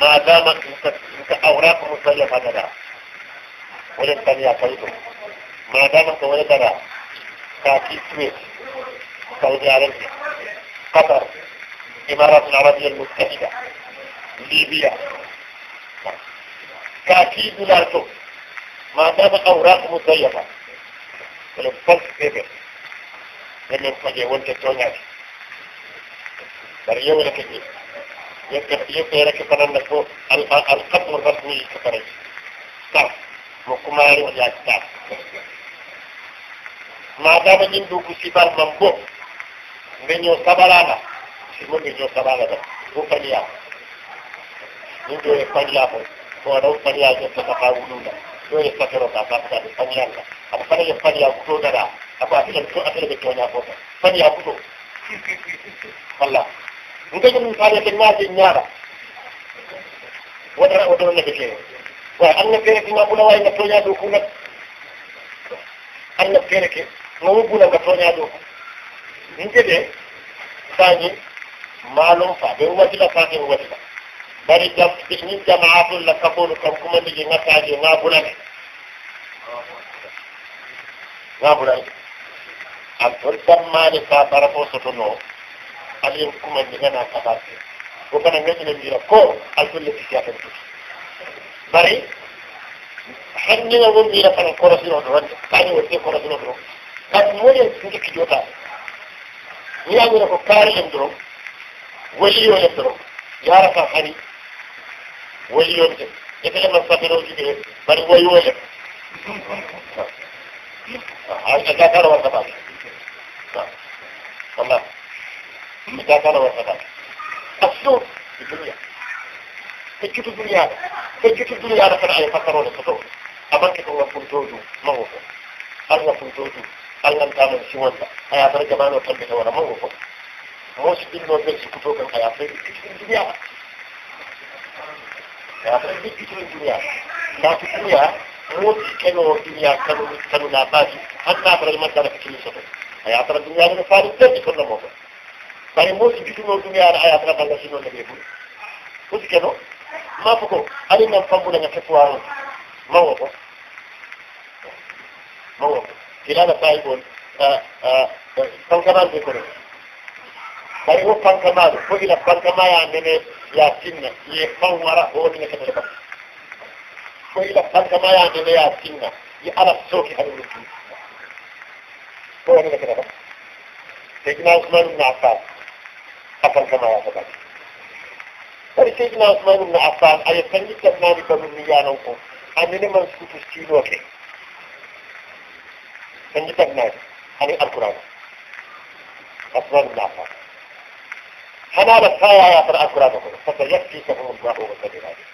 ما دامت أوراق مزيفه لنا ولن تنيا كيده ما دامت ولدنا تاكيد سويس سعودي عربيا قطر الإمارات العربية المتحدة ليبيا تأكيد لا ما دام أوراق مزيفة الفصل بيبر لم ولن وانت تونعي بريو ولا الجيب يسير كفر المشروع القتل الرسمي كفر تعرف وكما يروح لا تعرف ما دام عنده كسبان ممبوع من يصبرانا من يصبرانا وفنيا من يفنيا هو لو فنيا يتفاعلون لو يستطيعوا تعطى فنيا أبو فنيا فنيا كتودنا أبو أتلم كتودنا فنيا كتودنا والله نتجد من خالية الناس النار ودرا ودرا نبكيه وأن كيرك ما بولا وإن تونيا دوكونا أن كيرك ما بولا كتونيا دوكو نتجد ثاني معلوم فابر وجلا فابر وجلا bari jam ni jamaatul la kafolu kam kuma ni nga taaje nga bulane nga bulane ak bur tamani ka bara fo sotono alim kuma ni gana kabate ko kana ngene ni ko alfulle ti ya bari hanni na won mira kana ko rasino do wanda tani wote ko rasino do kat moye ndi ki jota ni ya ko kare en do wali yo en do yara ka hani wali yo en ete ma sabiro ki be bari wali yo en ha ha ka ka ro ka ba Allah المداخلة والرباط الصوت في الدنيا سجد الدنيا سجد الدنيا لفرعي فقروا لصدور أمرك الله فلدوجو موفو الله فلدوجو الله تعالى سيوان أيا برجع ما نطلبه ولا موفو موش دين نور بيت سكتوك أيا برجع كتير الدنيا أيا برجع كتير الدنيا لكن الدنيا موت كانوا الدنيا كانوا كانوا ناباتي حتى أبرج ما كان كتير سكتوك أيا برجع الدنيا لفرعي فقروا لصدور bare mo sibituno duniyara ayatana balla sino nabi bul fusi keno ma foko ani nan fambulanga kefuwaro mawo ko mawo kilana sayi gon pankamal ɓe kono bare wo pankamaɗo fo ila pankama ya mene ya tinna ye fan wara hoɗina ketee pat fo ila pankama ya mene ya tinna ye ala sooki haɗo ɗum fo waɗina kete pat seydina ousmane ibne affan أصل كما وصفت سيدنا عثمان بن عفان أي فني كمان بمن وقوم أني من سكوت السينو وكي فني كمان أني القرآن عثمان بن عفان هنا بسايا يا ترى القرآن وقوم هنا فسيكفيكم الله وسبيل هذه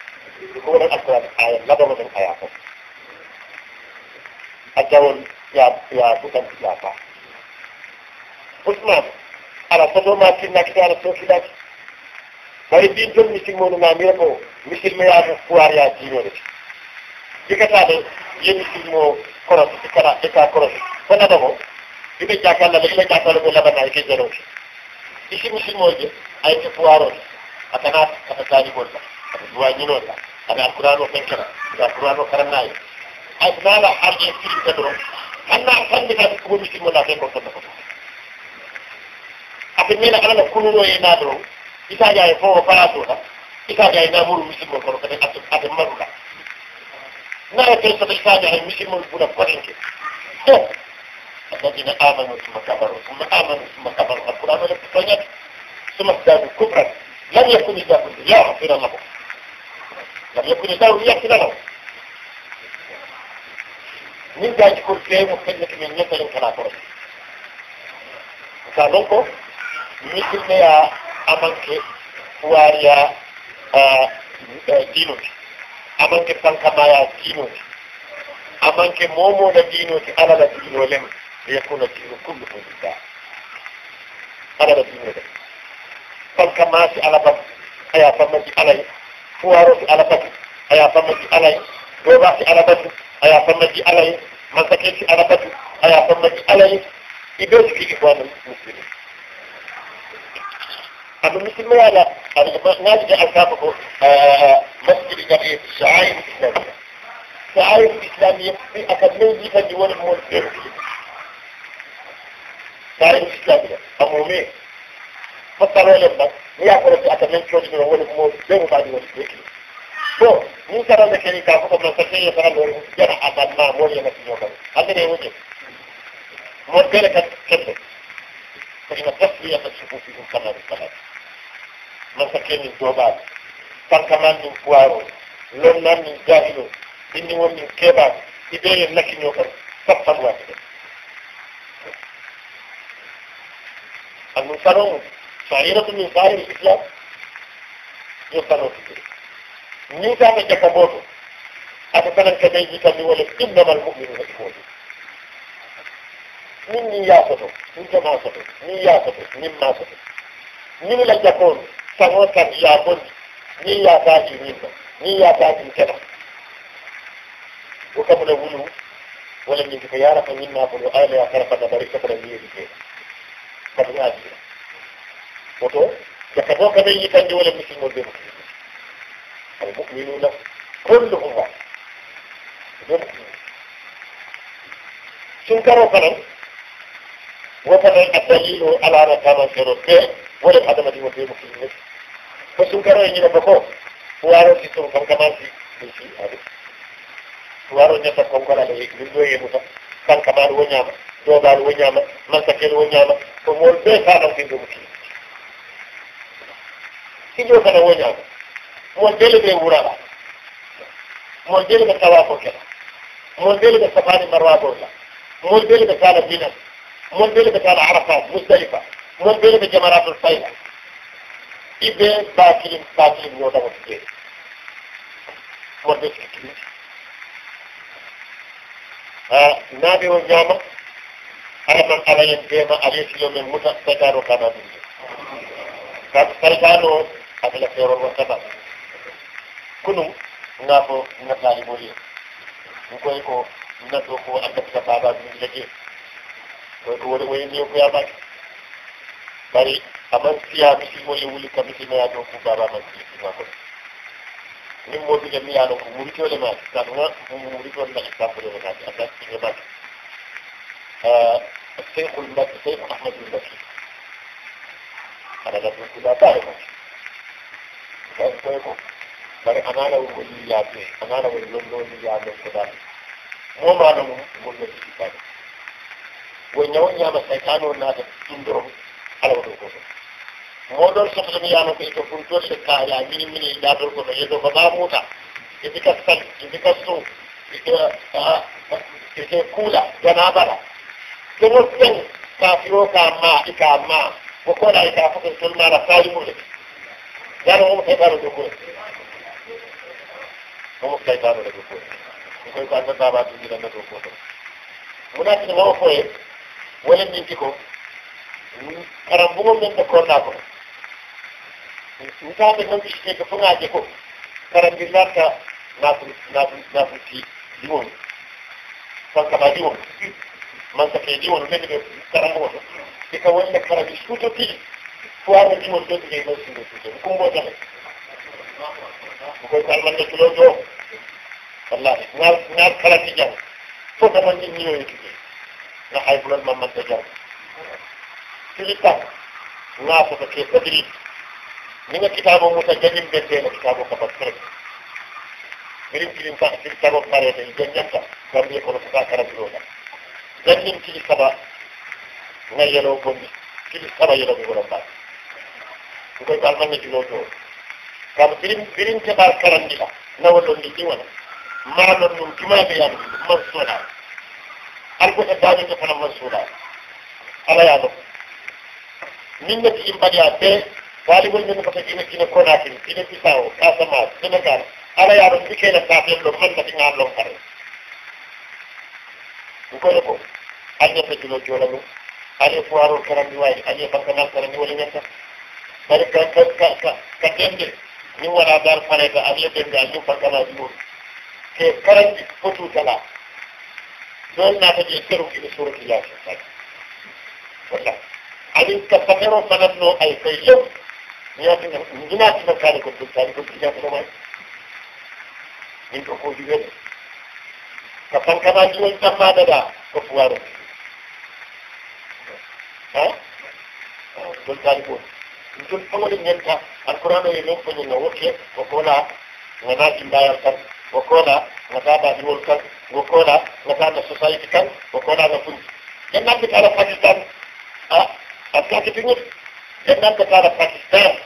يقول القرآن آية لبن من آياته الجول يا يا بوتن يا فا عثمان ala soto ma tinnakite ala sokilaki bari ɗin ton misilmonu ma mira ko misilme yaata pouvoir ya diinode jikataɗe ye misilmo korosi ikara eka korosi fonata ko iɓe jakallala iɓe jakalla ko labana eke jaroti isi misilmoje ayke pouvoir ode atana ata tañigol la ata duwañinol la aɗa alquran o fenkana aɗa alquran o karannayi ay nala har e firim kadoro hanna sanndita ko misilmo la fen ko fonna koto ate mina kana nakululo yena do itaja efo faratora itaja ina muru misimo kono kate ate marula nara kesa itaja ina misimo bula kwarinke الذين آمنوا ثم كفروا ثم آمنوا ثم كفروا القرآن لم يتفنيك ثم ازدادوا كفرا لم يكن ازدادوا ليغفر لهم لم يكن ازدادوا ليغفر لهم من ذلك كل شيء مختلف من يسأل كنا فرص مثالكم misilmeya amanke wariya dinoke amanke fankamaya dinoke amanke momola dinoke alala dinolema liyakuna dinu kulluhum lillah alala dinole fankamasi alabak aya fammaji alay fuwarosi alabak aya fammaji alay dobasi alabatu aya fammaji alay mansakesi alabatu aya fammaji alay ibe sikiki fo anan muslimin أما مثل ما هذا ما تجي ألفافه آه، مسجد قضية الشعائر الإسلامية الشعائر الإسلامية في أكمل فجوة المنزل الشعائر الإسلامية أمومية فصلوا لما يأكل في أكمل فجوة المنزل زي مفادي والسلكي to mun karar da kani kafin kuma sarkin ya fara lori yana a banna moriya na fiye kan hannun ne wuce mun kai da kan فإن التسلية تشوف فيكم كما بالصلاة من سكين من دوبان كان من فوارو لون نام من جاهلو إني ومن كيبان إبين لكن يوكر صفا واحدة المنصرون شعيرة من ظاهر الإسلام يصنعوا فيه نيتا من جاكبوتو أتفنن كديجي كان يولد إنما المؤمنون إخواني من نياته من جماعته نياته من ماته من لا يكون سموك يكون نياتي منه نياتي كذا وكبر ولو ولم يجد خيارا فمن ما قلوا آلة آخر قد بريك قد يجد قد يجد وتو يكبوك من يتنجي ولم يسلم المؤمنون كلهم واحد شنكروا فلن وفمن الدليل على ركاب كروكي ولم عدم دي وفي مسلمين فسن كرو يني بكو وارو في سن كم كمان في في هذا وارو نتا كم كلا له من دو يمو كان كمان ونيا دو بار ونيا ما سكيل ونيا ومول بي كان في دو مسلمين كيجو كان ونيا مول دل بي ورا مول دل بتوافق مول دل بسفاني مروه مول دل بسالة دينه منبل بتاع عرفات مزدلفة منبل بجمرات الفيلة إبن باكل باكل من يوضا مصدر منبل كتير آه، نابي ونجامة أنا من ألين بيما أليس يوم المتا سجار وكبابي كان سجانو أبل فيرون وكبابي كنو نابو نتالي مريد نكويكو نتوكو أبل فيرون وكبابي wayindiyo ko yamak bari aman siya misimo ye wuli ka misimo ya ɗo ku baba aman siyasima kon min moɓiɗe mi yano ko muritole ma tanwa muritol na islambolema naati a dastiɓe maki seykhul maki seyku ahmadul maki aɗa ɗaɗum kuɗa bare maki ɗan koye ko bari anana woni yaade anana woni londoni yaade ko dal momaɗo mum gonnoɗi ɗiɗaɗe wonya wonya ma saytanu na da dindoro alaw do ko modol so ko mi yano ko to fun to se ka ya mini mini da do ko ye do ba muta idi ka sal idi ka so idi a idi kula yana bara to mo sen ka firo ka ma ika ma ko ko da ika fa to ma ra sai mu le yaro mo ka do ko mo ka do ko ko ko ka ba ba do ko munafiki mo ko wala min ti ko karambugo men ɗo konna ko mitaɓe noon ɓicciteke fogaje ko karambirlarta naful naful naful ti diwon fankaɓa diwon mansake diwon meni ɓe karambugo to ika wonde karabi suutoti fowarno diwon dotike noon sinde suuto kumbotane koy ko almanne tulojo wallahi ngal ngal karati jam fof tamon ɗin niyoyetike نحيف من من من تجار تلتا ناسا تكي قدري من الكتاب المتجنب بيتين الكتاب كبسر مريم كلي مفاق تلتا بطاريت الجنجة كم يكون فتا كرزونا جنجم كلي سبا نيلو بني كلي سبا يلو بغرم بات وكي تعلمني جلو دور كم تلين تبار كرندنا نولو نتوانا ما لن نمكما بيانو مصولا albuɗe dañi to kono mon suuɗa alaya ɗo min neti imbaɗiya be walibol min koto ina ina konakin ina bisao kasama sénégal alaya ɗo mbikela saten ɗo man nati gan lon kare kono ko alñatta julo joola ɗum ale foirol karandi wayi ale bakkanal karandi wala ñatta bari ka ka ka ka dende ni wala dal fareta ale dengal ni bakkanal ɗum ke karandi fotutala شلون نتجسره بصورة الله سبحانه وتعالى عدم كفمرو فنبنو أي فيلم نياتي نجناتي مكاني كنت بلتاني كنت جاتي نمائي من تقول جوالي كفن كما جوالي كما ددا كفوارو ها بلتاني كنت njun pamari nyenta alqur'ano ye non fanyi na woke ko kola wana timbayar tan wo kola wataɗa ɗuwol kan wo kola wataɗa society kan wo kolaga funti ɓen namde kala pakistan a askake tiñit ɓen namde kala pakistan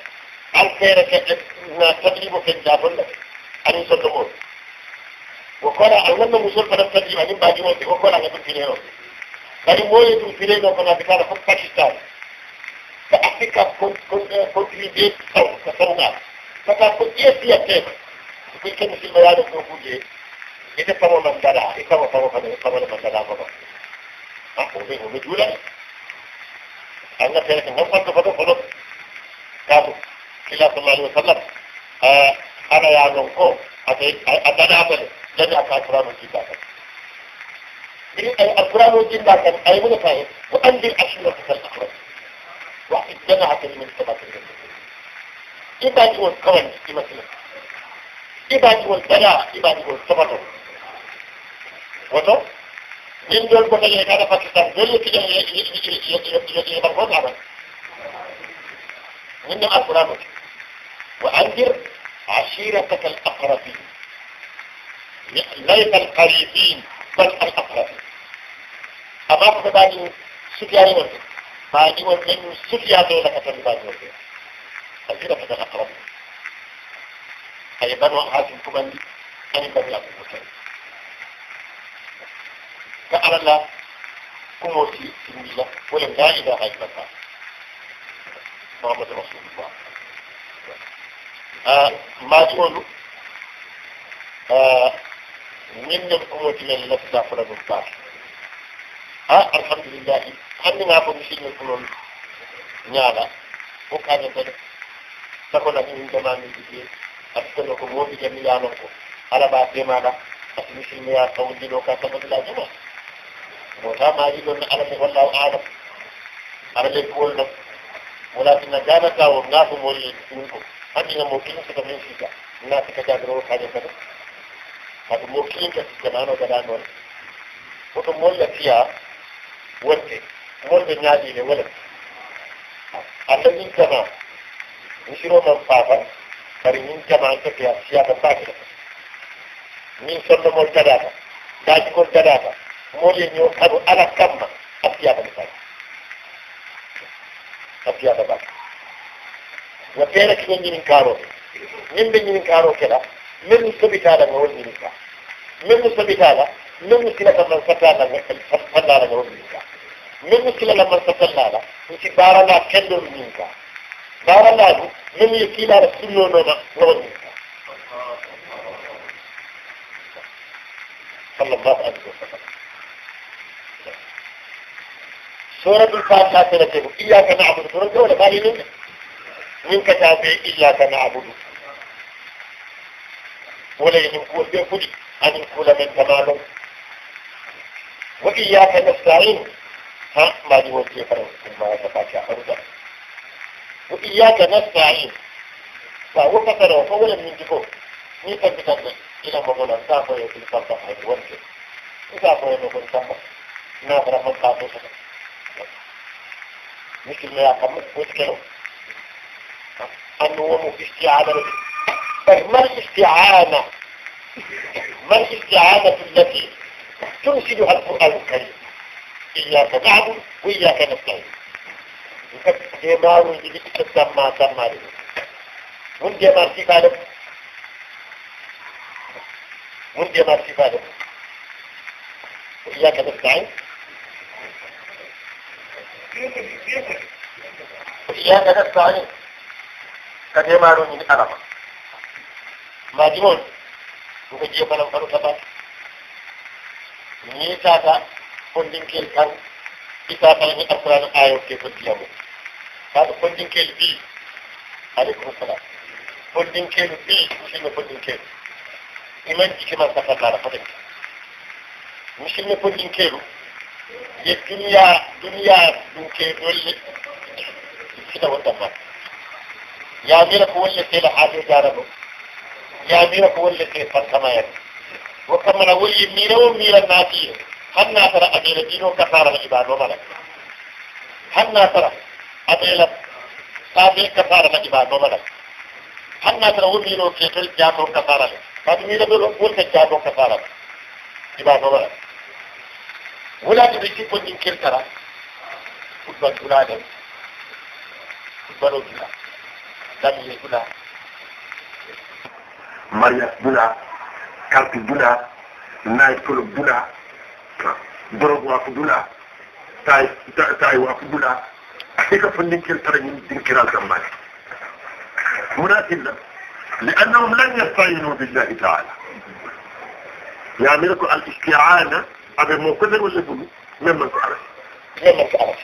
alfere ke na tadribo ke jafonɗa anin soddo on wo kola an wonno musol fanan tadriba anin mbaɗi wonde wo kolaga ɗum fine on kadi moye ɗum fine ɗo ko namde kala fof pakistan ko afrique contribué taw ko sawgal saka ko ƴeefiyateeko ni kene si mo yaade ko kuje ite kamo man dala e kamo kamo kamo kamo man dala ko a ko be mo jula an na fere ko mo ko ko ko ka ko kila sallallahu alaihi wasallam a ana ya gon ko ate adana ba da da ka fara mu kita ka in ai akramu jinda kan ai mun fa ko an din ashura ta akram wa idana ta min sabata idan ko kawai ki masalan ibaji wol dala ibaji wol sobato woto ɗin ɗon gotaƴe kaɗa pakistan golle kiɗen yeɓan ko taɓan min ɗon alquranu wa andir ashirataka al aqrabin laysa al qaribin bal al aqrabin amma ko ɓe mbaɗi sutiyani wonde mbaɗi won men sutiya dowlaka tan mbaɗi wonde ashirataka al aqrabin هي هذه هاشم كمان أنا بني عبد المطلب فأنا لا كموتي سنجلة ولم لا إله إلا الله محمد رسول الله آه، ما تقول آه، من الأموت من لسنا فلا نبار الحمد لله هل من أبو مسلم الفنون نعلا وكان ذلك تقول لك من من جديد akono ko moɓi jamilano ko ala ba temaɗa ati musilmiya kawulliɗo ka sabatila jama motamaji ɗon ala mo wallahu alam ala le kuwol ɗon walakinna ganata o nato molle ɗum ko haɗina mo kilin sika min sika nati ka jagiroo kaje kada kadi mo kilin ka jamano gaɗa noon woto molla fiya wonte molɓe ñaaɗine wala a taƴin kama misiro man faafan bari ñin jaman ke ya siyata sakira min sondomol dadata daajigol dadata moƴe ño kaɗo ala kamma a siyata mi sakira a siyata bak no feere kiño ñinin kaaroke ñin ɓe ñinin kaaroke ɗa min mi soɓitaɗa nga won ñinin ka min mi soɓitaɗa min mi silata man fattaɗa fallaɗa nga won ñinin ka min mi silala man fattallaɗa mi si baarana kendol ñinin ka bara laatu min ye kiilaara sunnoo nooma nooma صلى الله عليه وسلم سورة الفاتحة تنتبه إياك نعبد سورة جولة بالي منك منك تابع إياك نعبد ولا ينقول بيقول أن يقول من تمامه وإياك نستعين ها ما دي وجهك رسول الله تبارك وتعالى وإياك نستعين فأوفك لو فولا من جكو ميكا بتنم إلى مغولا سافو يوكي لفضل حيث ونجو سافو يوكي لفضل نوغرا من قابل سنة مش اللي يقمت وذكره أنه ومو في استعانة طيب ما الاستعانة ما الاستعانة التي ترسلها القرآن الكريم إياك نعبد وإياك نستعين nka demaruji witte samma sammade ɗum mun demar sifaɗe ɗum mun demar sifaɗe ɗum ko iyaka nestain ko iyaka nestain ka demaruji ndi alama maji on nko jeebanam aɗo taɓat ni tata fondinkel kan kita kala ni alquran ayo ke ko diamo ka ko din ke bi alaikum salam ko din ke bi shi ne ko din ke iman ki ma sa kala fa din misil ne ko din ke ye duniya duniya din ke dole kita wata ba ya mira ko wanda ke da hadu jarabu ya mira ko wanda ke fatkama ya wa kamala wali mira wa mira nafiya هل ترى أبيل دينه كفار العباد وملك هل ترى أبيل أبيل كفار العباد وملك هل ترى وميلو كيتل جاتو كفار العباد فميلو بلو جاتو كفار العباد وملك ولا تبكي كل من كل ترى كتبت ولا دم كتبت ولا دم ولا مريم بلا كارت نايت كلوب بلا tay tay wa لانهم لن يستعينوا بالله تعالى يعملوا الاستعانه ابي مو كل ولا من من تعرف من تعرف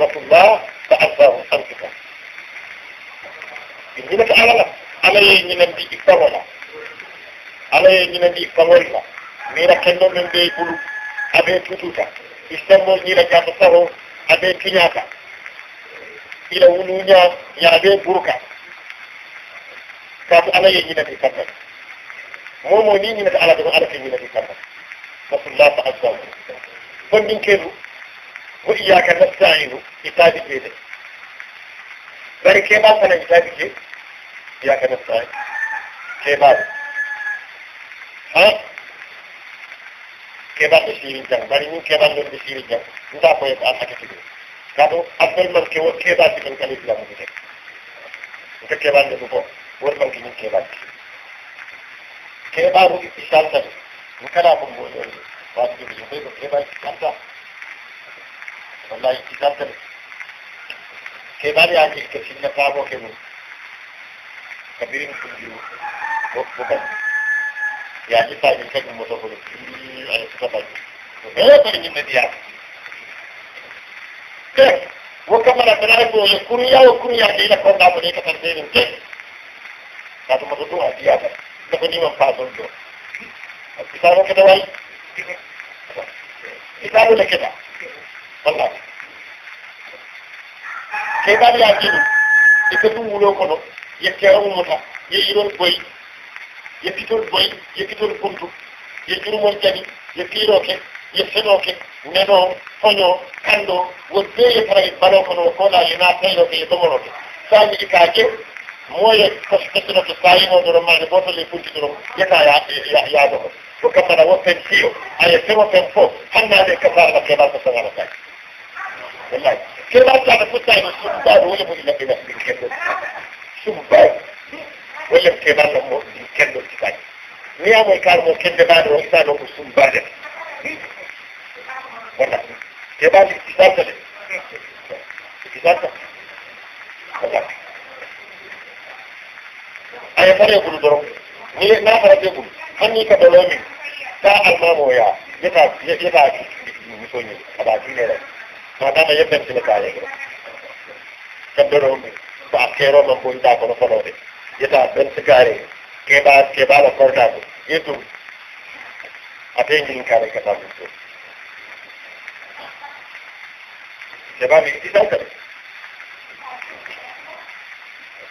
وفي الله تعفاه أنفسك إنك على على من إفطار ولا على من إفطار ولا mira kendo min ɓe bulu aɓe tututa istambol ñira jamba saho aɓe kiñaka ila wuluña ya aɓe burka kaatu ala ye ñinati kamma momo ni ñinata ala dogo ala ke ñinati kamma nasullahu azza wa fon min kedu wo iyaka nastainu itaabi jeede bari keɓal fana itaabi je iyaka nastain keɓal ha keɓarɗo siiri jam bari min keɓarɗon ɗo siiri jam nda koyeɓe alhakati ɗum kaɗo addol man ke keɓaki ɗon kala islamu ɗi tek nka keɓanɗe ɗu ko wormanke min keɓaki keɓaru islam tati mi kala ko mboɗon ɗe waɗi ɗum so ɓe ko keɓa islam ta wallahi islam tati keɓari aki ko sinna paaboke mum ka birin ɗum ɗi bo bogan yaji faji kañum moto kono الخبر غير من ديعك كيف وكما تعرف الكوريا والكوريا اللي لك وضع بريكة تنزيل كيف هذا موضوع ديعك تقولي من فاضل دو الكتاب كده ولا كتاب ولا كده والله كيف هذا يعني يكتبوا ولو كنوا يكتبوا مطا يجيبوا البوي يكتبوا البوي يكتبوا البندق yo jurumol kadi yo fiiroke yo feɗoke neno foño kanndo won beeye tarawi balo kono koɗa yona tayloke yo domoroke saami ɗikake moye kosinoke sayinoɗoro mane gotole funtidoro yeta yaadoko fo kamara wo pen fiyo aye fewo pen fo hannade kafarala keɓa ko sagala kay wallahi keɓa tade futtano sumbaɗo wole mo ilaɓe wasɗi kenɗo sumbaɗo wolle keɓalla mo kenɗo tikaki niyamoy kalmo kende maɗe o isano ko sumbaɗen wona keɓali isalta de isalta wona aya fare gulu doron ni na farate gulu hanni ka ɗolomin ta almamoya yeta yeta misoñi aɗa dinere madama yebbentine kaye ɗo ka ɗolomin ko a keero man bo yiɗa kono folode yeta ben sigare keɓa keɓaɗo kortako yeddum ate jilin kaɗen kata ɗum ɗo keɓami ɗiɗan kadi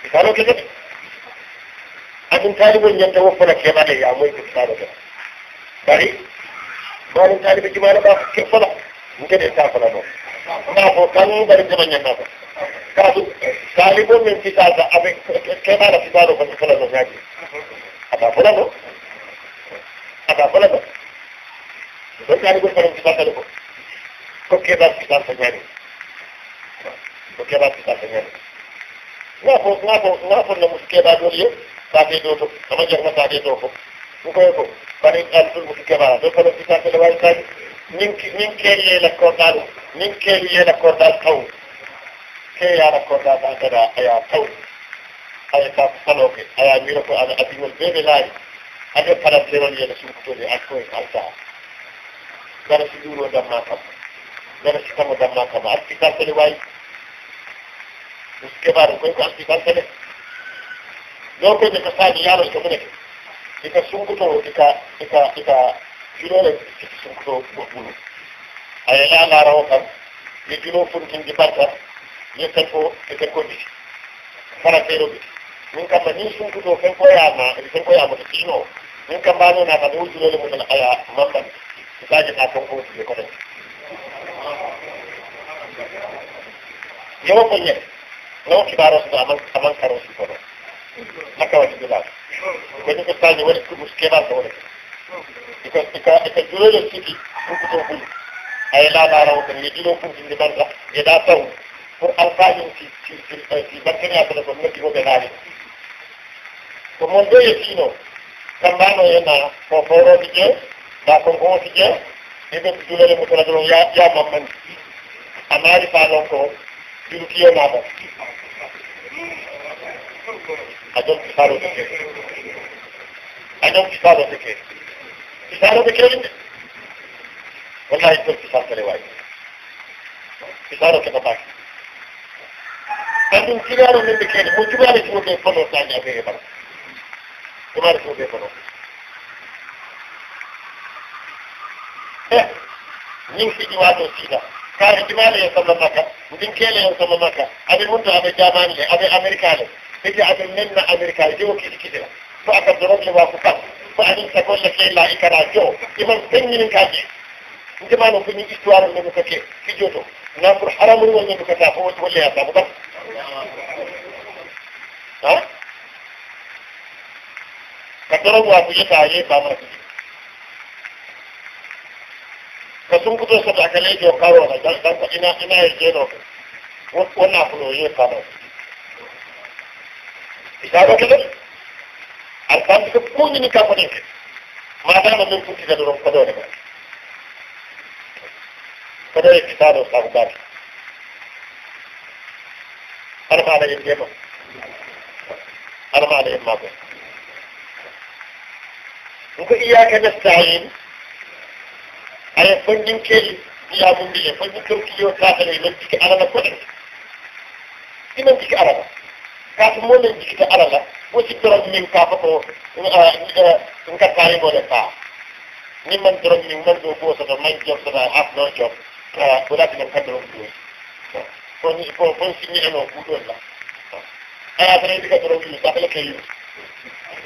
misalo ke kadi aɗum taalibol ñanta woffona keɓaɗe ya moy ko misalo kadi bari maɗum taalibe jumano ɓa ke fona ɗum kadi e ta fona ɗo ma fo tan bari jama ñannako قالوا طالب من كتابة أبي كيف أنا كتابة من خلال مزاجي أبا فلانه أبا فلانه بس أنا أقول فلان كتابة لكم كم كيف كتاب سجاني كم كيف كتاب سجاني ما فوق ما فوق ما فوق نمس كيف أقول يوم ساكي دوتو كما جاء ما ساكي دوتو وكيفو فاني قال فلو كيف دو فلان كتاب لواي كان نين كيري لكوردال نين كيري لكوردال قوم ke yaara koota tan kada aya taw aya ka faloke aya mira ko ala adiwol bebe laayi ade paranterol yene sumkutode akkoye alta gara si duuro damma kam gara si kamo damma kam arti kaltele waayi us kebaru koy ko arti kaltele ɗo koyde ko saani yaarol ko muneke ika sumkuto ika ika ika julole sumkuto ɓuɓɓulu aya yaa laarawo kam ye julo funkin di barta ye safo ite kondi fana fero bi min kamba ni sun kuto fen koyama ite fen koyama to kino min kamba no na ka do julole mo está aya mamban isaje na ko ko ti ko tan yawa ko nye law kibaro su aman aman karo su ko haka wani dula ko ni ko saje wani ku muskeba ko wani iko iko iko julole siki ku kuto ku ay la la rawo ni dilo ku ndi barza ya da tawu pour alfañum si si battaniya kono ko noddi fof ɓe haali ko mon ɗo yettiino kambano hena ko foroɓe ƴe ma konkooti ƴe eɓe julale mo tola dolon ya mammandi a maari fa noon ko jurukiyo maɗa a jon fisaro seke a jon fisaro seke fisaroɓe keeɗiɓe wallahi jon fisar tele waawi fisaro keɓataake kandum kilaro min ɓe keede mo juɓaare fuuke fono saña fe e bara juɓaare fuuke fono e min fiɗi waato siila kaare jumaale e samba makka ndin keele en samba makka aɓe munto aɓe jamani le aɓe américaine ɓeje aɓe menna américaine jewo kiɗi kiɗira fo aka doroble wa fo kam fo anin sagolle keyla ikana joo iman peññinin kaje ndemano foñi histoire men ko ke fijoto nafur haramuru wonñen ko ta fo wolle yasa ko kam ha ka tarawa ku yi tare ba ma su ka sun fito su da kalai jo karo na dan dan ina ina yake no wannan fulo yi karo isa ga gidan alfan ka kunni ni ka fadin ka ma da mun fuki da don fado ne ba fado ya kitado sa ku ba ala fa ala yindi mo ala fa ala yindi mo ko iyyaka nasta'in ay fonnin keli ya mun biye fonnin turki yo ta ta ne miki ala na kudi ina miki ala ba ka ta mo ne miki ta ala la ko ci dorom min ka fa ko in ka tare mo da ta ni man dorom min man do ko sa man job sa ha no job ka ko da ta ka dorom ko fon siñineno kuuɗon la aya fana ndika drogue appelé que use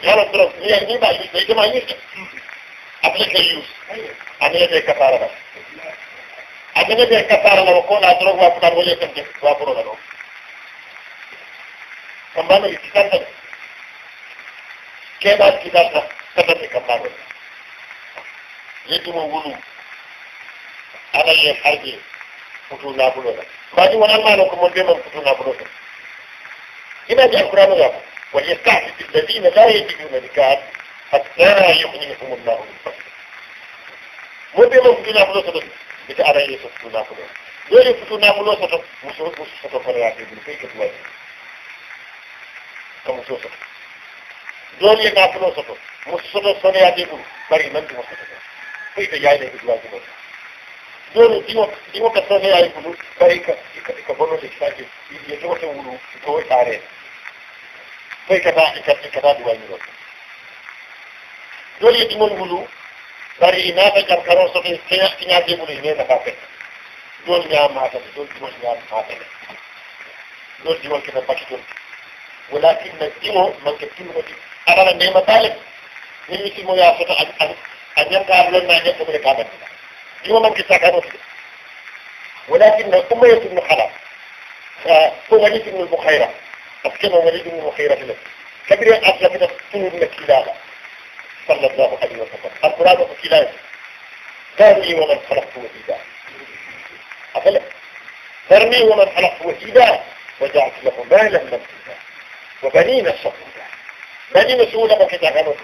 yalo drogue mi andi mba use ɓe dema use appelé que use amene ɓe kasara ɗam amene ɓe kasara lawo kona drogue wa fuɗan wole kam de wa ɓurona ɗo kambanoɗi kitantan keɓa kitanta katante kambanoɗi yeddumo wulu aɗa yen harje futu nafulo la baji wala malo ko mon be man futu nafulo to ina ji alqur'anu ga wa yastahdi alladhina la yajiduna nikah hatta yughnihum Allah min fadli mo be man futu nafulo to ita ara yeso futu nafulo dole futu nafulo to musu musu to fara ya be kai ka tuwa ka musu to dole nafulo to musu to fara ya be bari man to musu to kai ta yayi da duwa duwa yoro iwo ka sani ya yi kudu kai ka ka bano da sake ya ji wata wuru ka wai tare sai ka ta ka ka ta duwa ni dole ya timon wulu bari ina ta karkaro so ke kinya ke wulu ne da kafe dole ya mata dole dole ya mata dole dole ke da pakito ولكن نتيمو ما كتيمو أنا لما طالب نمشي مو يا فتى أن أن يبقى لنا نجحوا بالكابتن يوم كساك رسل ولكن أمية بن خلف فوليد بن المخيرة أسكنه وليد بن المخيرة لك كبير أسلم من السنور مكيلالة صلى الله عليه وسلم القرآن مكيلالة ذرني ومن خلقت وحيدا أفلا ذرني ومن خلقت وحيدا وجعلت له مالا ممدودا وبنين شهودا بنين سؤولة مكيتا غنودا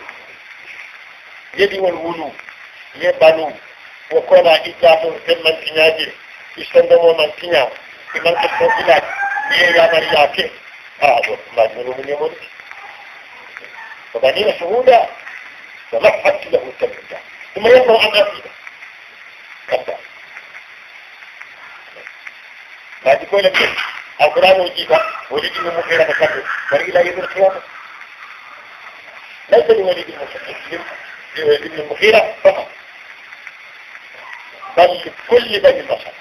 يدي والولو يبنون wo kona islafo sen mantiñaji i sondomo mantiña i manke tokilaji iye yamari yake a ɗo mbaɗinonomo ñomoni wa banina shuhuda wa nafat lahu tabida ثم يقرأ عن أفيده كذا ما تقول لك القرآن يجيبها ولد المغيرة مكبر فإلى يوم القيامة ليس لولد المغيرة فقط بل كل بني البشر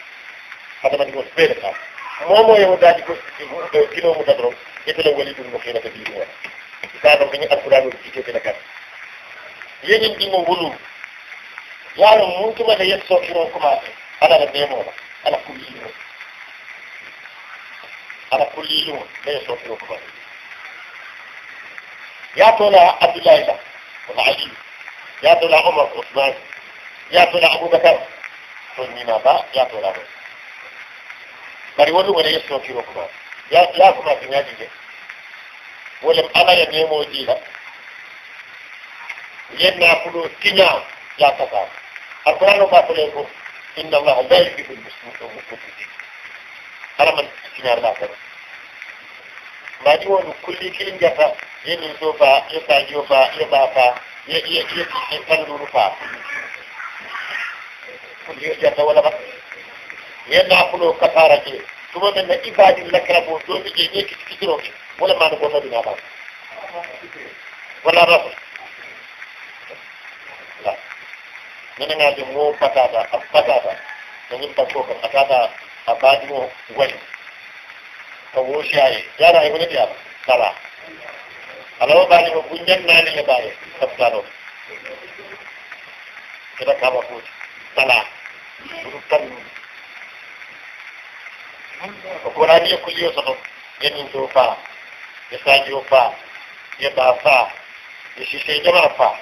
هذا ما نقول بين الناس بيرك عام مومو يهوداتي كو كيلو متدرو يتلو وليد المخيرة بالنور كانوا في القرآن والكيكي تلك يجن دي يا رب ممكن ما يسوى كيلو كما أنا لديمو أنا كل يوم أنا كل يوم لا يسوى كيلو كما يا تولا عبد الله ولا علي يا تولا عمر عثمان يا تولا أبو بكر tolnimaba yatola bwe bari woni wona yesookira okuba yakuma kinyagije wolem alaya nemojiila yennakulu kiñaam yakasaam alquran o ɓafole ko inna allaha la yuhibu lmusmufsidin alaman kiñarla kono mbaɗi wonu kulli kili jata yenin so ba yo saji o ba yo ba fa ye fanduru faa fuliyete tawala ba yenda fulo katara ke tuma men na ibadi lakra bo do mi je ne ki kitiro ke wala ma ko to dina ba wala rafa la nana nga de mo patata ab patata da ngin ta ko kan patata abadi mo wai to wo shaye yara ai wala dia sala alawa bani mo bunyan nani le bare patata kita kaba kuti الصلاة وطن وقرانية كل يوصف يمين توفا يساجي وفا يبافا يشيشي جمعفا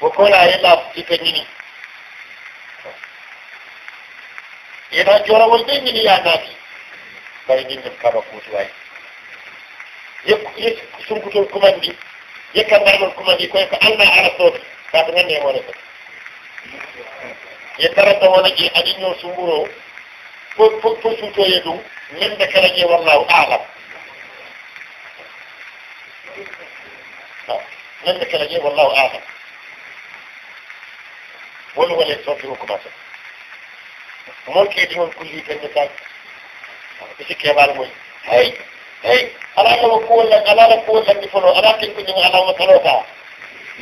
وكولا يلا تكنيني yana jora wanda mini ya nafi bai yin da kaba ko tuwai ya sun kuto kuma ni ya kamar mun kuma ni ko ka Allah ara so ka ta ne mu ne ye tarata wona je aɗi ñoo sumburo fo suutoye ɗum min de kala je wallahu alam min de kala je wallahu alam woni wone sofiro commencé molkeedi on kulli penne tan isi keɓal moy hey hey ala kawa kuwol ala la kuwol lanndi fono ala tenkuñima alama talota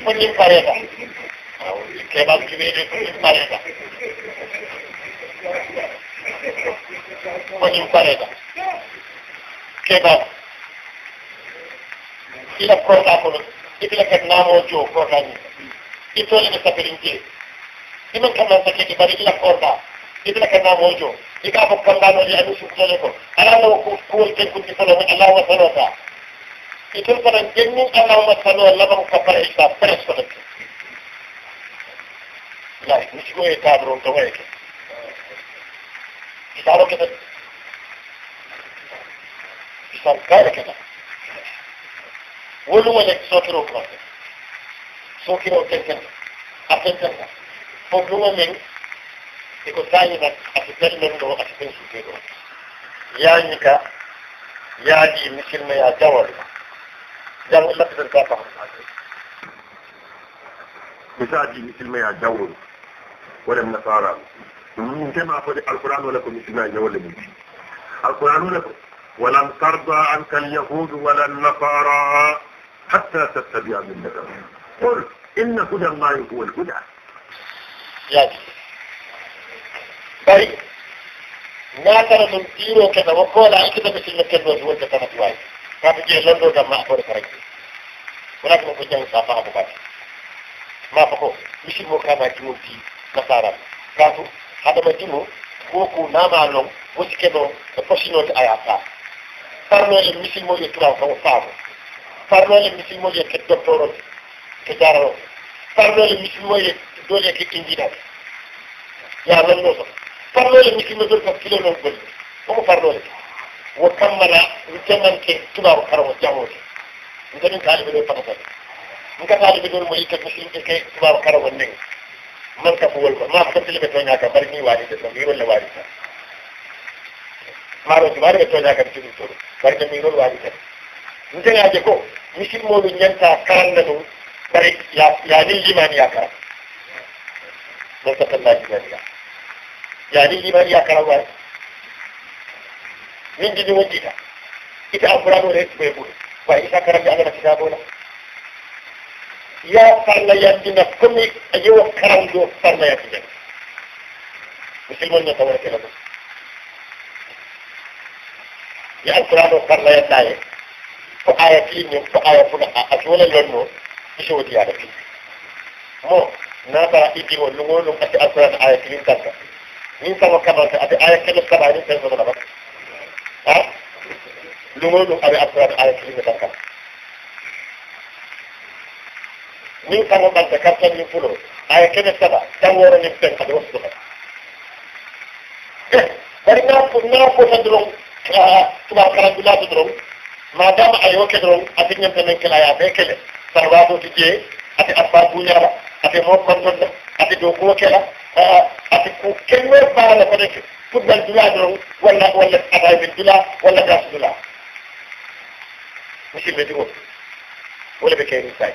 fonnim pareta che va a scrivere in pareta poi in pareta che va il protocolo e quella che andiamo giù programmi e poi le sapere in piedi e non cambia che ti pare il corda e quella che andiamo giù e capo parlando di amici colleghi allora con quel che ti fanno alla vostra nota e tu per il genio alla vostra nota la vostra pareta presto اسلامی مش گوی کار رو دوای که اشارو که اشار کار که ولو ولك سوكرو كلاس سوكرو كلاس أفكر فبلو من يكو ثاني بس أفكر من لو أفكر سوكرو يعني كا يعني مثل ما يجاور جاور لا تقدر تعرف مثل ما يجاور ولا النصارى من جمع القرآن ولكم إسماعيل ولا من القرآن لكم ولن ترضى عنك اليهود ولا النصارى حتى تتبع منك قل إن هدى الله هو الهدى يعني طيب. ما ترى من دين وكذا وقال عيك ده بس إنك كذبه هو كتنا توايد ما بجي لندو دم أحبور فرقه ولكن أقول جاني صافة أبو ما فقو مش المقامة جمو دين kasara kaatu hadamadimu koko nama lon wosikeno e posinote aya fa parno e misilmo yo turaw kan faamo parno e misilmo yo ke doctorote ke jarano parno e misilmo yo dole ke injinaɓe ya lanno so parno e misilmo dol kam kilo non golli omo parnole wo kammana jammanke tubaw karamo jamode ndemin kaaliɓe ɗo patatale mi ka taaliɓe ɗon mo yikka ko simɓe ke tubaw karamo ndenge man ka fuwol ko ma fotile ɓe toñaka bari ni waɗide so mi wolle waɗi tan maaro jumaɗo ɓe toñaka ɓe jogui toɗo bari no mirol waɗi tan ndegaje ko misilmoɗu ñanta karanna ɗum bari yani limaniya karan non ka talla limaniya yani limaniya karan waɗi min jini wonɗita ita alqouran o reetti koye ɓuuri wa isa karande allah na kitabola yo farlayantina komi yewo karawɗo farlayata jan musilmo ño tawara kela ɗum yo alquran o farlayanɗa e ko aya tiinni ko aya funa a sowona lon mo iso woti yaada fi mo natara iddi o lugo ɗum ati alquran aya tilin tanka min sango kamante ati aya keɗo saɓani sen sogonaba a lugo ɗum aɓe alquran aya tilinne tanka مين كان وقال ذكر كان من فلوس آية كده سبع دور نفسك قد رفضها إيه فلنافو نافو تدرون تبع آه، الكلام آه. بلا تدرون ما دام أيوة كدرون أتي نمت من كل آيات هي كده فرواتو تجي أتي أطباب بنيارة أتي موت كنتر أتي دوقوة كلا آه، أتي كو كنور فعلا فريك كل بلدلا درون ولا ولا أبايب الدلا ولا جاس دلا مش اللي تقول ولا بكيني سايد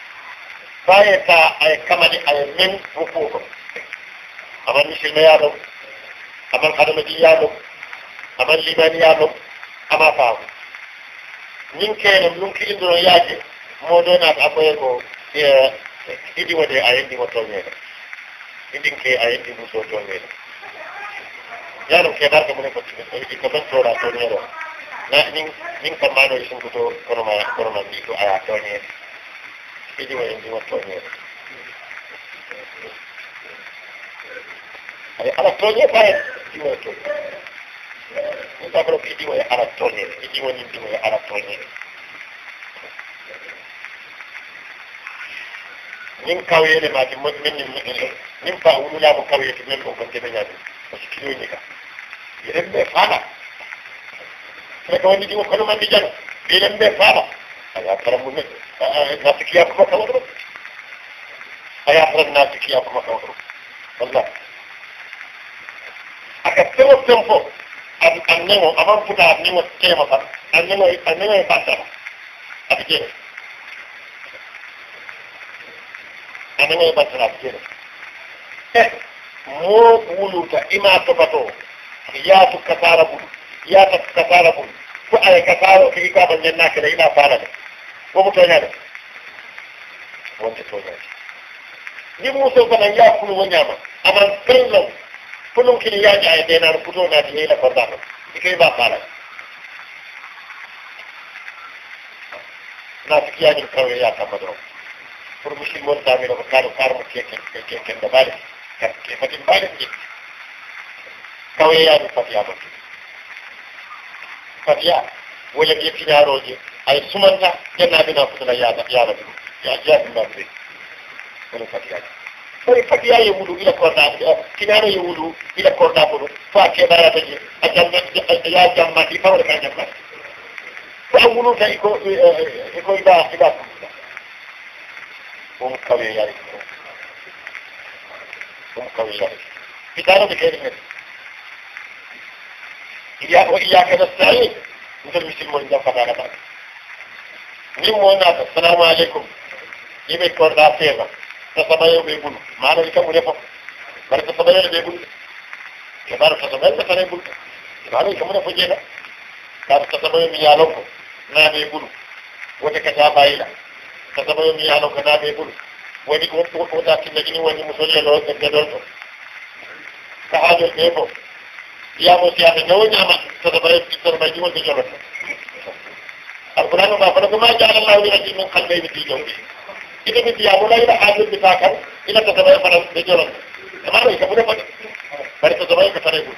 faye ka ay kamani ay min rufuɗo aman misilme yaɗo aman hadamadi yaɗo aman limani yaɗo ama faamu min kene ɗum ki indoro yaaje moɗo naata akoye ko ɗiɗi waɗe a yenɗimo toñede ɗiɗinke a yenɗi ɗum so toñede yaɗum ke barka mune ko ben toora toñede o na nin nin kammano e sunkuto konoma konoma mbi to aya toñede видимо, невозможно. Анатолия знает его тут. Ну, там было видимое Анатолия, видимо, невидимое Анатолия. Nin kawye ne ma min min min nin fa wulu ya bu kawye ti min ko ko tebe nyaade ko ci kilo ni ka yere be fala ko ko ni ko ko man di jang yere be fala ايعترف الناس كياكم وتوضروا ايعترف الناس كياكم وتوضروا والله اكثروا التنفو annemo aman futa annemo tema fa annemo annemo e passa abike annemo e passa abike eh mo buluta ima to pato ya to kasara bulu ya to kasara bulu ko ay kasaro ki ka ban janna ka ina fara da وقت ذلك وانت توجد دي موسى فلن يأكل ونعمة أما فلن فلن كن ياجع يدينا نفتونا في هيلة فردانا لكي ما قالت ناسك ياجع الكوي يا كمدرون pour musilmol tamino ko karo karmo keken ɗo mbaɗe ke fati mbaɗe ɗi tawa yeyani fatiya makki fatiya wona ƴettinaaroje أي سمنة جنة بنا فتنا يا يا رب يا جاب ما في ولا فتيا ولا فتيا يولو إلى كورنا كنارة يولو إلى كورنا بلو فاكي بارا تجي أجل يا جاب ما في فور كان جاب فأولو تيكو إيكو إذا إذا هم كوي يا رب هم كوي يا رب كنارة بكيرين إياك وإياك نستعين مثل مثل مولدان فتانا بارك ni mo na ta assalamu alaikum ni be ko da feba ta sabayo be bulu mala ka mu defo bar ta sabayo be bulu ke bar ta sabayo ta ne bulu mala ka mu defo jela ka ta sabayo mi yalo ko na be bulu wata ka ta bayila ta sabayo mi yalo ko na be bulu wani ko ko ta kin da gini wani musolle lo da gadon ka hajo be bo ya mo ya da nyawa nyama ta sabayo ki tarbaji wanda jolata القرآن ما فلك ما جعل الله لأجل من قلبين في جوفه إذا كنت يا مولاي إلى حاجة بتاكل إلى تتبعي فرم بجرم كما رأيك بنا فلك بل تتبعي كفرم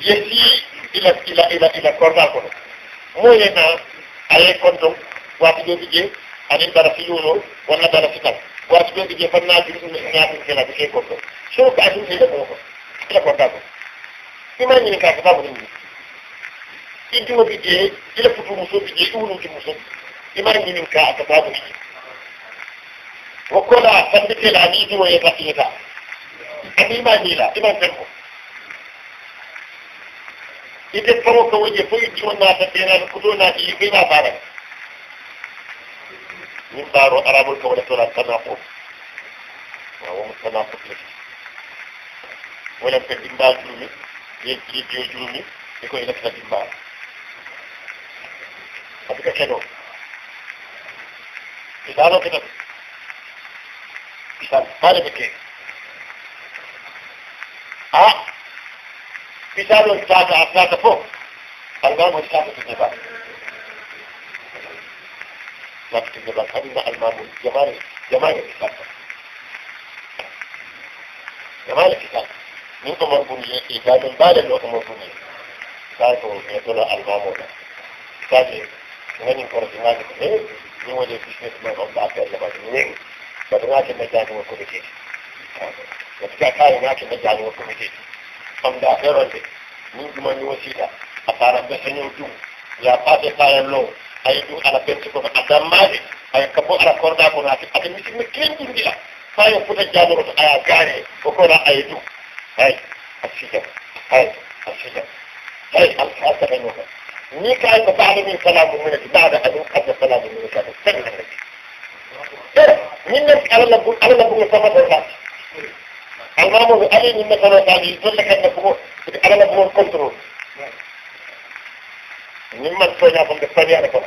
يسي إلى إلى إلى إلى كورنا كورنا موينا أيه كنتم واتدو بجي أنين برسي يولو ولا برسي كم واتدو بجي فنا جلسوا نعطي كلا بشي كورنا شو كأسوا سيدة كورنا إلى كورنا كورنا إما ينكا كتابه intimo bi jee ila futu muso bi jee iwulunti muso ima ñinin ka aka babu ni wo kola sanditela ni idiwo yeta iyeta ani ima nila ima sembo ite foro ko woje fo idiwo naata tenaata kuto naati yi ima baara min baaro arabol ko wala tola tanafo wawo tanafo tigi wala ko dimbal jurumi ye jidiyo jurumi iko ina kita dimbal அதுக்கு கேளும் إدارة كده مثال طالب كيف أه مثال الثلاثة على ثلاثة فوق ألمان والثلاثة في الجبال ثلاثة في الجبال خلينا ألمان جمال جمال الثلاثة جمال الثلاثة نوتو مربونية إدارة بالي نوتو مربونية ثلاثة ومئة دولار ألمان ولا ثلاثة nganin korati ngaji kene ni wode kisne ma ko ba ta da ba ni ba da ngaji da jago ko bije da ta kai ngaji da jago ko bije am da heron de ni kuma ni wasida a fara da sanyo du ya fata kayan lo ay du ala pentu ko adam mali ay ka bo ala korda ko na ti adam mi mi kin dun dila fayo futa jago ko aya gare ko ko na ay du ay asija ay asija ay al-fatihah ni ka aika ta'lamin salamun minka ba'da an qad salamun minka sallallahu alaihi ñun ñëpp alal la bu alal la bu nga sama doon laaj almaa moom alal ñun ne sama doon yi doon lekkat na bu ko alal la bu nga contrôle ñun man tooñaa ko def tooñaa ko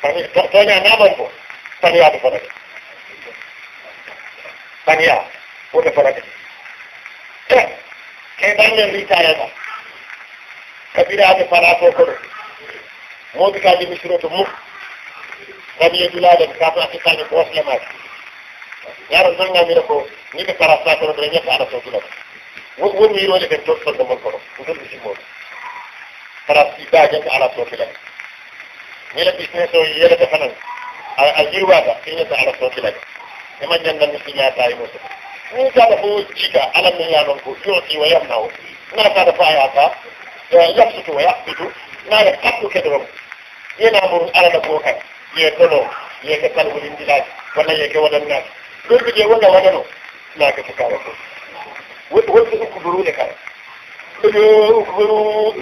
nag tooñaa naamoon ko tooñaa ko nag tooñaa ko nag te kay dañ leen di taayal nag kabiraaɓe falato kono moɓikaji misiroto mum kadi yeɗulaɗen kato akkitaji ko wasle maɗa yaro nangamira ko niɓe parasta kono ɓeɗa ñetta ala sogilata woni yirode ɓen tottonde mon kono ndolɓe simmoɗo parasti ba ñetta ala sogilata ñila business o yelete fanan a yirwata ke ñetta ala sogilata ema ñandanmi siñata e mosoto ni kaɗa fo jika alammiya noon ko yooti wa yamna o nana kaɗa fo ayata يكفت ويكفت ما يكفت كدوم ينامر على نبوكا يدلو يكتل والاندلاج ولا يكوال الناس دول بجي ولا ودنو لا كفكا وكو وانت اكبروا لك اكبروا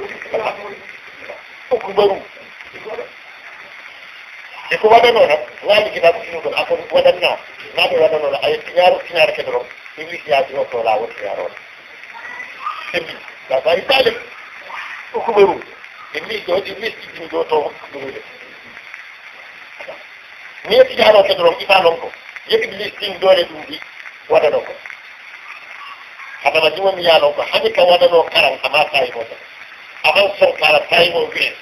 اكبروا ko wadano nak wali ki babu sinu don akon wadanna na do wadano la ay tiyaru tiyaru ke do iblis ya ukubaru emi do di mi ti do to dum ni ti jaro ke do ifa lon ko yeki bi listing do le dum di wada do ko hada ma juma mi yalo ko hadi ka wada do karam kama sai mo to aban so kala sai mo ke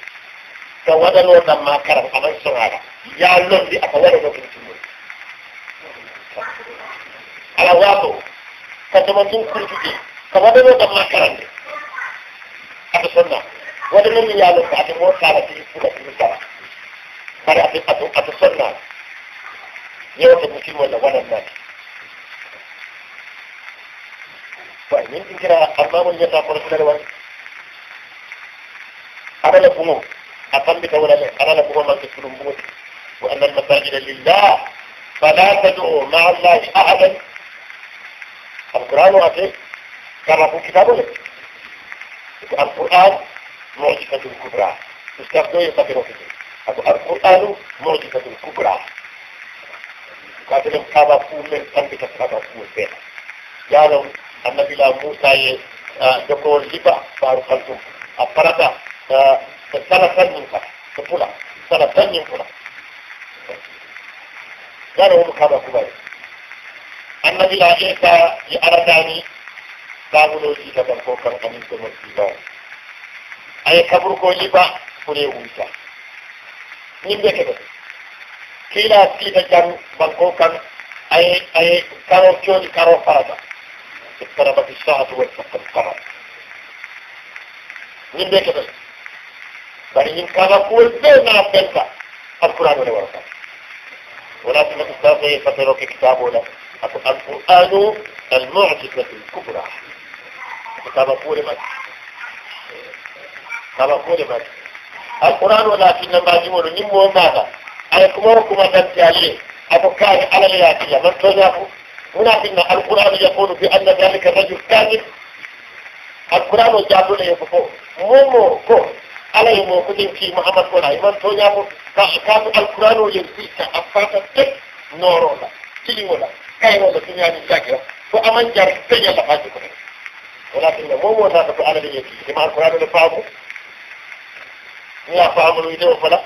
ka wada do dam ma karam aban so ala ya lon di aka wada do ko ti mo ala wato ka to mo dum kurti ka wada do dam ma karam aka sunna wani nan ya lo ka ta mota da ta su da su da kare abin a ta ta sunna yau da mutum wala wannan nan ba ni kin kira amma mun ya ta farko da wani adala kuma akan bi kawala ne adala kuma man ke turun buwa وأن المساجد لله فلا تدعوا مع الله أحدا القرآن أتي كما هو كتاب لك القرآن معجزة كبرى استخدموا يقدروا كده أبو القرآن معجزة كبرى قاتل كابا كومن أنت كابا كومن يعلم النبي لا موسى يقول آه، لبا فاروق الكم أبرتا آه، سنة منك تقول سنة منك يعلم كابا كومن النبي لا إيسا يأرداني sabulo jiita tan ko kan kanin ko musiba aye kaburu ko jiba fure wuta min be kebe kila siita jam banko kan aye aye karo cooni karo farata اقتربت الساعة والفقر القمر من بيك بس بني من كان قول بينا بينك القرآن ولا ورقة ولا تمت الساعة فتروك كتابه لك القرآن المعجزة الكبرى tabakure mat tabakure mat alquran wala tinna mbaji mono nimmo mbaga ay kuma kuma dante alle ako kaani alal yaatiya man toñaako munafinna alquran yaqulu bi anna dalika rajul kadib alquran o jaadole yefo ko momo ko ala ye mo ko ɗen fi mouhamad wona iman toñaako ka kaatu alquran o yen firta a fata tek noorola tiliŋola kayrola duñaani jagira fo aman jar peña lafaji ko ɗen ولكن مو موتاك على بيتي لما القرآن اللي فاهمه يا فاهم الويديو فلا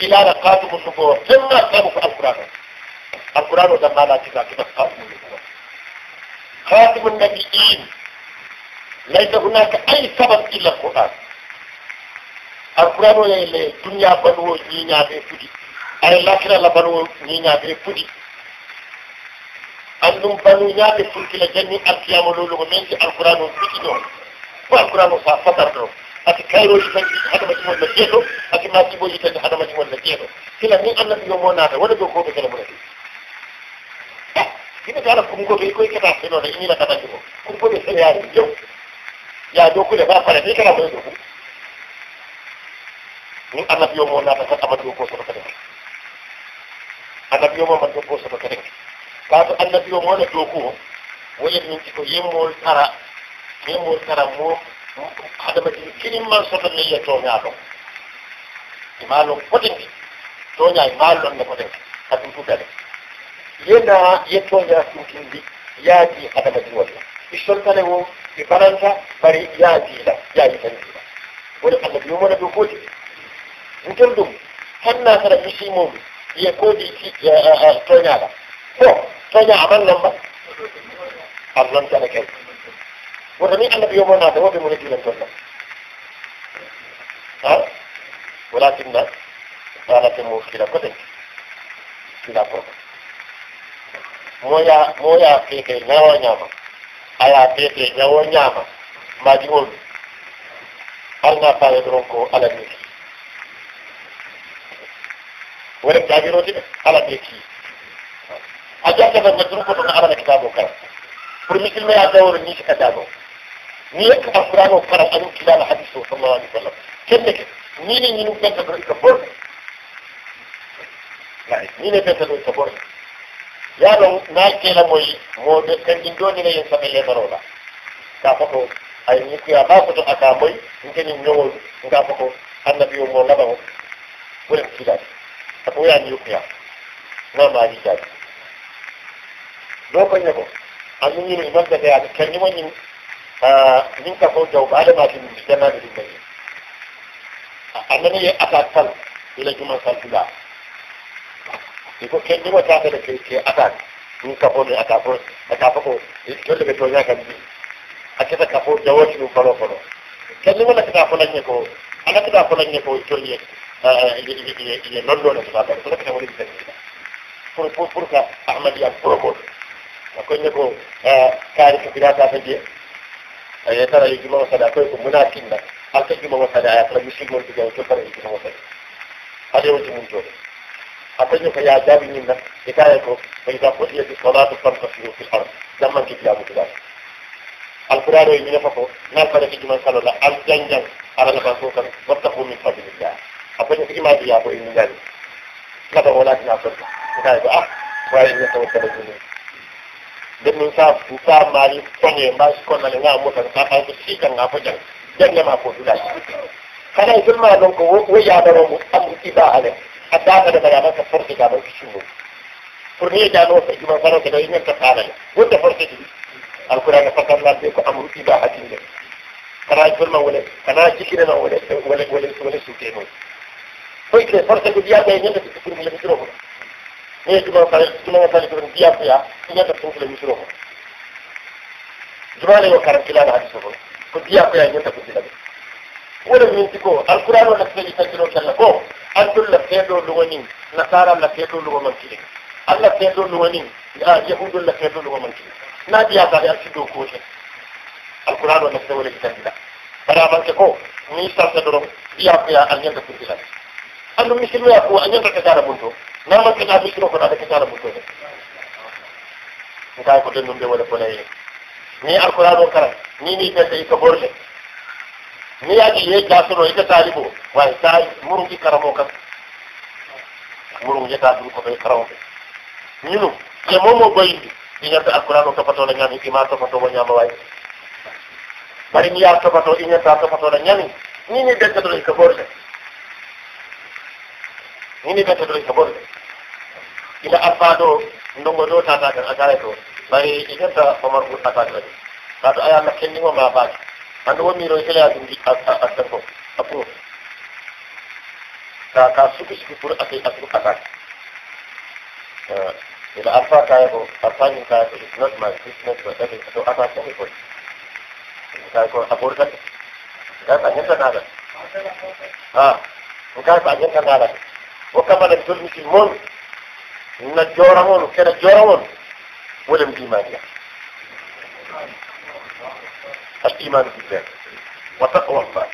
كلا رقات مصفور ثم كانوا في القرآن القرآن ده ما لا تلاقي خاتم خاتم النبيين ليس هناك أي سبب إلا القرآن القرآن يلي الدنيا بنو نينا في فدي أي لا كلا بنو نينا في فدي andum banuñaade fulkila janni arkiyama lolugo men si alqouran o fiti ɗon fo alqouran o sa fatar ɗo ati kayroji tan hadama ɗiwon no jeeɗo ati masiboji tan hadama ɗiwon no jeeɗo kila ni annabi yo mo naata waɗa ɗo koɓe kene murati ina tara kungoɓe koye kata fenone inila kataki o kungoɓe feyaari jew ya dow kule fa parate kata moye ɗo fu min annabi yo mo naata tan amadou ko soto kadi annabi yo mo man ɗo ko soto kadi kaatu annabi o moona dow ko woyen min ko yemmol tara yemmol tara mo hadamadin kinimman soto neyya toñaa ɗon e maalon potindi toñaa e maallon ne poten kadum ɗuɗale yena yettoñaa tuutindi yaadi hadamadin walla istontane wo e baranta bari yaadiila yaayitandiila woni annabi o moona dow koji ngel ɗum hanna tara misimuɗum ye koodi toñaaɗa bon فاجا عملنا ما عملنا كان كده ورمي أنا بيومنا ده هو بمولك لم تنا ها ولكن كانت المشكلة كده كده كده moya moya keke nyawa nyama aya keke nyawa nyama maji on arna faale doron ko ala neki wala jagiro ti ala neki jake ba majrum ko na amana kitabo kar pour mi kilma ya dawr ni ka dabo ni yak alquran ko kar anu kilama hadith sallallahu alaihi wasallam kenne ni ni ni ko ta ka bor ni ne ta ka bor ya lo na ke la moy mo de kan din doni ne yesa me le barola ka foto ay ni ku ya ba foto aka moy ngeni nyowol nga foto annabi mo labawo wala kidati apo ya ni ku ya na ma di jadi do ko nyako amin ni ban da ya kan ni wani nin ka ko jaw ala ma tin da ma da dai annabi ya ata tal ila kuma sallah ko ken ni wata da ke ke ata nin ka ko ne ata ko ata ko to da to ya kan ake ta ka ko jawo shi ko ko ken ni wala ka ko lan ko ana ka ko lan ko to ne il est non non ça va pour que pour pour que Ahmed ya promote akonye ko kari ko bila ta je ay tara yi juma sada ko ko munafikin da alka juma sada ya fara mushi gorti ga to fara yi juma sada hade wuce mun to akonye ko ya jabi nin da ikaya ko bai da ko ya salatu farqa fi al-ard lamma ki ya mutu da alqur'ano yi ne fa ko na fara ki juma sada la al janjan ala la ko kan wattaqu min fadlillah akonye ko imadi ya ko in ngani kada wala kina farqa ikaya ko ah wa in ya tawakkal demin sa sa mari konye ba su konna ne na mota ta ba su shi kan afa jan jan ne ma ko dula kana idan ma don ko wai ya da mu abu iba ale adda ka da bayanan ka farki ka ba shi mu furni da no sai kuma fara da yin ka fara wanda farki alquran fa kan nan ko amru iba hadin ne kana idan ma wala kana jikira na wala wala wala su ke mu ko ke farki da ya da yin da ku furni da ku e kilo fare kilo fare ko fiya fiya ina ta tun filin misro jumale ko karam kila da hadisu ko ko fiya fiya ina ta kula wala min tiko alqur'ano la fi ta kilo kala ko antul la fedo luwani nasara la fedo luwani kile alla fedo luwani ya yahudu la fedo luwani kile na biya ta da shi doko shi alqur'ano la fedo luwani kila bara ban ko ni sa ta doro biya fiya an yanda kula andu misilma ko an yanda ka dara bunto nama kena bikiro ko ada kita rabu ko nda ko dum be wala ko lay ni alquran kara ni ni be tay ko borle ni ya ji ye jasoro ita talibo wa ta muru ki karamo kan muru ya ta dum ko be karamo ni no ke momo boyndi iñata alquran ko pato la nyami ki ma to pato wa nyama way bari ni ya to pato iñata to pato la nyami ni ni de ko borle hini bete ɗon e bonde ila abba ɗo ndongo ɗo tata kan akaye to bari igenta omar ɓur ata kadi kaɗo aya ma kenndingo ma baaki anndu womiro keleya ɗum astempo approuve ka ka suki suki pour ake asru attaque ila abba kaye ko abbañum kaye ko is not my business ko ɗaɗi to attaque ɗaɗi koy kaye ko abor kadi kaye ko a ñentanaɗa a kaye ko a ñentanaɗa وكما نجدون مسلمون نجورهون كان نجورهون ولم إيمانية يعني. الإيمان بالله وتقوى الله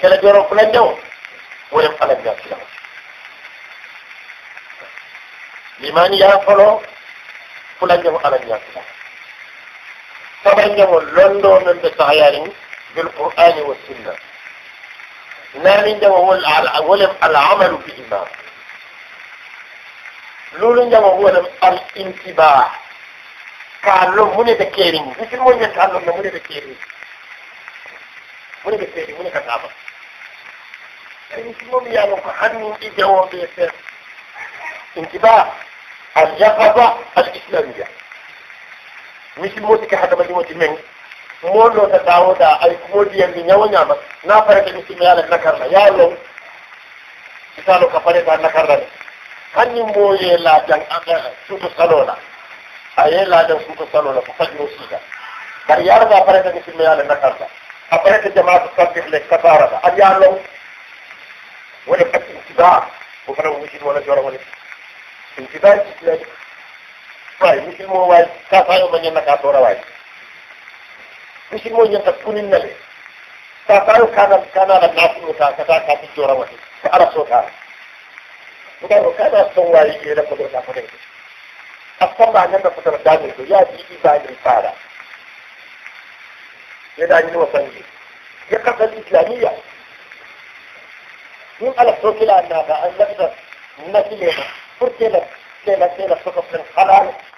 كان نجورهم فلان يوم ولم ألم يأكله إيمانية فلو فلان يوم ألم يأكله طبعا يوم لندن من بتعيارين يعني، بالقرآن والسنة إمام إن هو ولم العمل في إمام لول إن هو ولم الانتباع كارلو من الكيرين مثل ما يتعلم من الكيرين من الكيرين من كتابة يعني مثل ما يعلم كحن من إجواء بيسر انتباع اليقظة الإسلامية مثل ما تكحد ما يموت المنك moɗo ta dawoɗa ay moodi yandi ñawoñama na farata mi simi yaala nakarna yaalo misalo ka fareta nakarna ne hanni mo ye laajan suuto salola a ye laajan suuto salola ko fajiro siida bar yaarata farata mi simi yaala nakarna a farata jamaatu kabbirle katarata ad yaalo wone pat intibar ko fana musidmo wona joro wone intibar jitlade wawi musidmo wawi ka fayomañanna ka toora waawi misilimoo ñanta funin na le tatayo kana kana la nafuno ta kata kati jora wati ko ala so ta ngaro kana son wayi ke da kodo ta kodo afa ba nan da fitar da ne to ya ji ba ni fara ya da ni wasan ji ya kafa islamiyya من على الصوت لا أنها أن نقدر نسينا فرتنا سينا سينا فقط من خلال